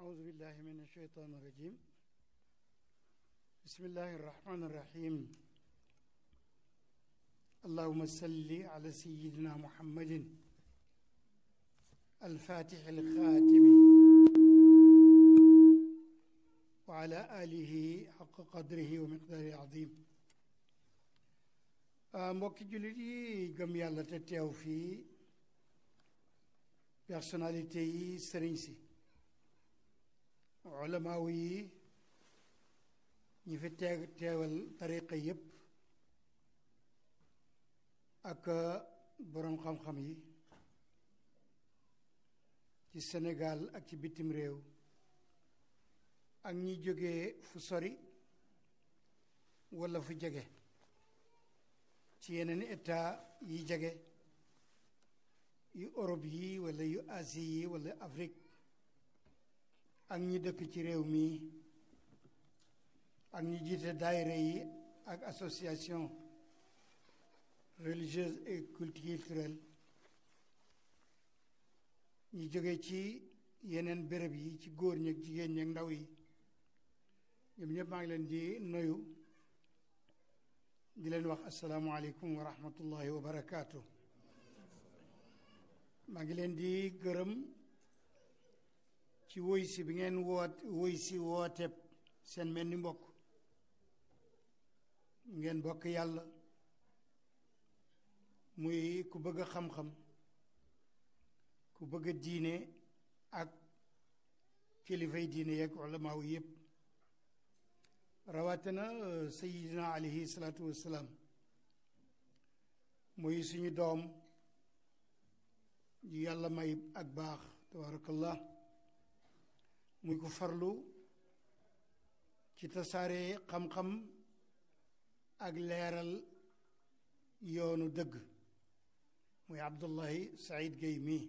أعوذ بالله من الشيطان الرجيم بسم الله الرحمن الرحيم اللهم صل على سيدنا محمد الفاتح الخاتم وعلى آله حق قدره ومقداره العظيم آه، mbokki جلدي yi توفي yàlla te teew ulamaaw yi ñi fi teeg teewal tariqa yépp ak boroom xam-xam yi ci Sénégal ak ci bitim réew ak ñi jógee fu sori walla fu jege ci yeneen état yi jege yu Europe yi walla yu Asie yi walla Afrique ak ñi dëkk ci réew mi ak ñi jiite daayira yi ak association religieuse et culturelle ñi jóge ci yeneen béréb yi ci góor ñeeg jigéen ñeeg ndaw yi ñoom ñëpp maa ngi leen di nuyu di leen wax asalaamaaleykum wa rahmatullahi wa barakaatu maa ngi leen di gërëm ci woy si bi ngeen woot woy si wooteeb seen mel ni mbokk ngeen bokk yàlla muy ku bëgg a xam-xam ku bëgg a diine ak kilifay diine yeeg ulamaaw yëpp rawatina sayidina alayhi salaatu wassalaam muy suñu doom yàlla may ak baax tabarakallah muy ku farlu ci tasaare xam-xam ak leeral yoonu dëgg muy Abdullahi Saïd Gueye mii